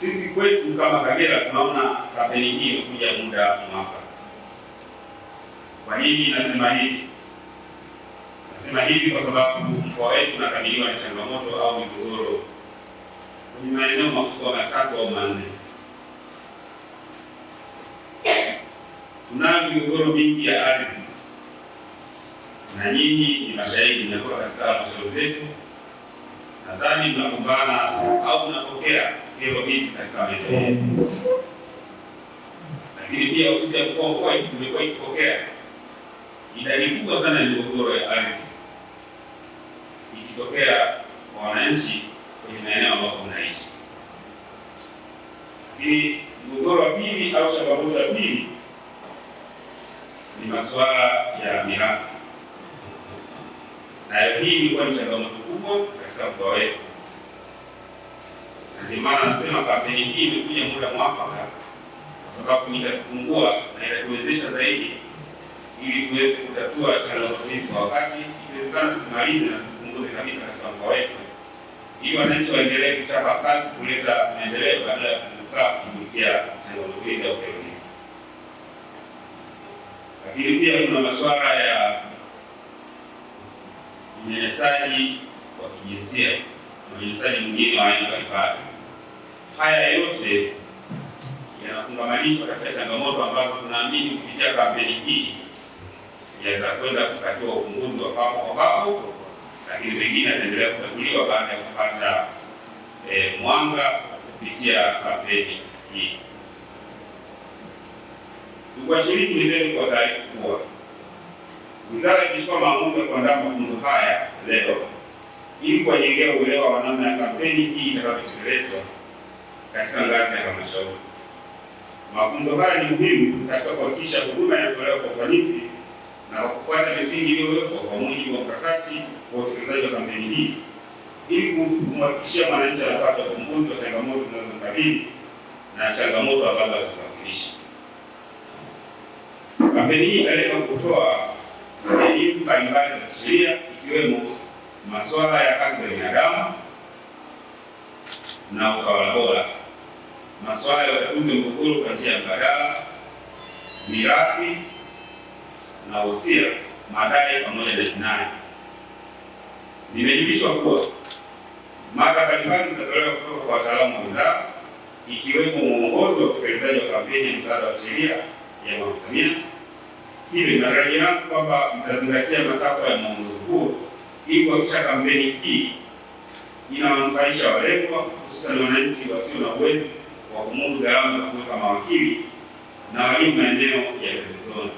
Sisi kwetu kama Kagera tunaona kampeni hii imekuja muda mwafaka. Kwa nini nasema hivi? Nasema hivi kwa sababu mkoa wetu unakabiliwa na changamoto au migogoro kwenye maeneo makubwa matatu au manne. Tunayo migogoro mingi ya ardhi, na nyinyi ni mashahidi, mnakuwa katika halmashauri zetu, nadhani mnakumbana au mnapokea vyeo hizi katika maeneo eh. lakini pia ofisi ya mkoa mkoa imekuwa ikipokea idadi kubwa sana ya migogoro ya ardhi ikitokea kwa wananchi kwenye maeneo ambapo mnaishi. Lakini mgogoro wa pili au changamoto ya pili ni masuala ya mirathi, nayo hii imekuwa ni changamoto kubwa katika mkoa wetu. Ndio maana nasema kampeni hii imekuja muda mwafaka, kwa sababu itatufungua na itatuwezesha zaidi, ili tuweze kutatua changamoto hizi kwa wakati, ikiwezekana tuzimalize na tuzipunguze kabisa katika mkoa wetu, ili wananchi waendelee kuchapa kazi kuleta maendeleo badala ya kukaa kushughulikia changamoto hizi au kero Lakini pia kuna masuala ya unyanyasaji wa kijinsia na unyanyasaji mwingine wa aina mbalimbali haya yote yanafungamanishwa katika changamoto ambazo tunaamini kupitia kampeni hii yatakwenda kukatiwa ufunguzi wa papo kwa papo, lakini pengine yataendelea kutatuliwa baada ya kupata e, mwanga kupitia kampeni hii. shiriki nipeni kwa taarifa kuwa wizara imechukua maamuzi ya kuandaa mafunzo haya leo ili kuwajengea uelewa wa namna ya kampeni hii itakavyotekelezwa katika ngazi ya halmashauri. Mafunzo haya ni muhimu katika kuhakikisha huduma inatolewa kwa ufanisi na kwa kufuata misingi iliyowekwa kwa mujibu wa mkakati wa utekelezaji wa kampeni hii ili kumhakikishia mwananchi anapata ufumbuzi wa changamoto zinazomkabili na changamoto ambazo ataziwasilisha. Kampeni hii inalenga kutoa elimu mbalimbali za kisheria ikiwemo masuala ya haki za binadamu na utawala bora masuala ya utatuzi mgogoro kwa njia ya mbadala, mirathi na wosia, madai pamoja na jinai. Nimejulishwa kuwa mada mbalimbali zitatolewa kutoka kwa wataalamu wenzao ikiwemo mwongozo wa utekelezaji wa kampeni ya msaada wa sheria ya Mama Samia. Hivyo natarajia kwamba mtazingatia matakwa ya mwongozo huo ili kuhakikisha kampeni hii inawanufaisha walengwa, hususan wananchi wasio na uwezo wa kumudu gharama za kuweka mawakili na walimu maeneo ya pembezoni.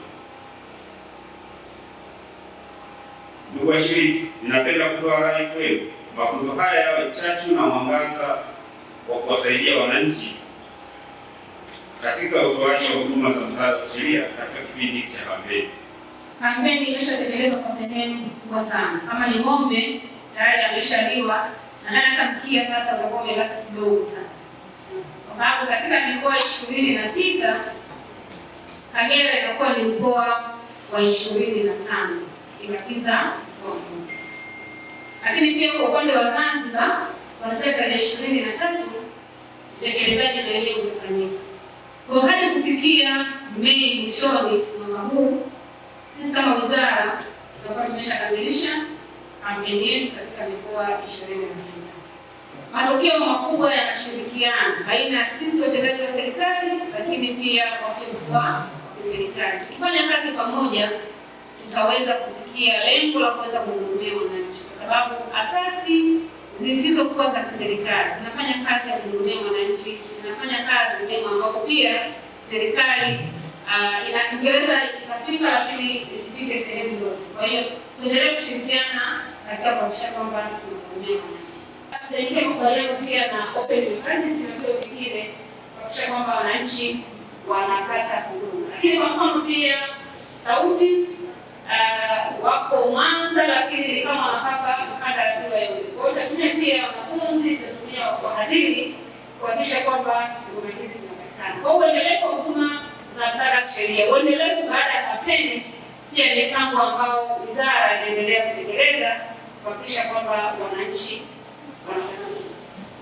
Ndugu washiriki, ninapenda kutoa rai kwenu, mafunzo haya yawe chachu na mwangaza wa kuwasaidia wananchi katika utoaji wa huduma za msaada wa sheria katika kipindi cha kampeni. Kampeni imeshatekelezwa kwa sehemu kubwa sana, kama ni ng'ombe tayari ameshaliwa, na hata mkia sasa utakuwa umebaki kidogo sana kwa sababu katika mikoa ishirini na sita Kagera inakuwa ni mkoa wa ishirini na tano ibakiza mkoa Lakini pia kwa upande wa Zanzibar kuanzia tarehe ishirini na tatu utekelezaji na ile utafanyika kwa hadi kufikia Mei mwishoni mwaka huu, sisi kama wizara tutakuwa tumeshakamilisha kampeni yetu katika mikoa ishirini na sita matokeo makubwa mashirikiano baina ya sisi watendaji wa serikali, lakini pia wasiokuwa wa serikali. Tukifanya kazi pamoja, tutaweza kufikia lengo la kuweza kuhudumia wananchi, kwa sababu asasi zisizokuwa za kiserikali zinafanya kazi ya kuhudumia wananchi, zinafanya kazi sehemu ambapo pia serikali uh, inaingeweza ikafika, lakini isifike sehemu zote. Kwa hiyo tuendelee kushirikiana katika kuhakikisha kwamba tunahudumia wananchi tutaingia makubaliano pia na open university na vyuo vingine kuhakikisha kwamba wananchi wanapata huduma. Lakini kwa mfano pia sauti uh, wako Mwanza, lakini ni kama wanapata mkanda wa yote. Kwa hiyo tutatumia pia wanafunzi, tutatumia wahadhiri kuhakikisha kwamba huduma hizi zinapatikana. Kwa hiyo uendelevu wa huduma za msaada kisheria, uendelevu baada ya kampeni pia ni mpango ambao wizara inaendelea kutekeleza kuhakikisha kwamba wananchi Thank you.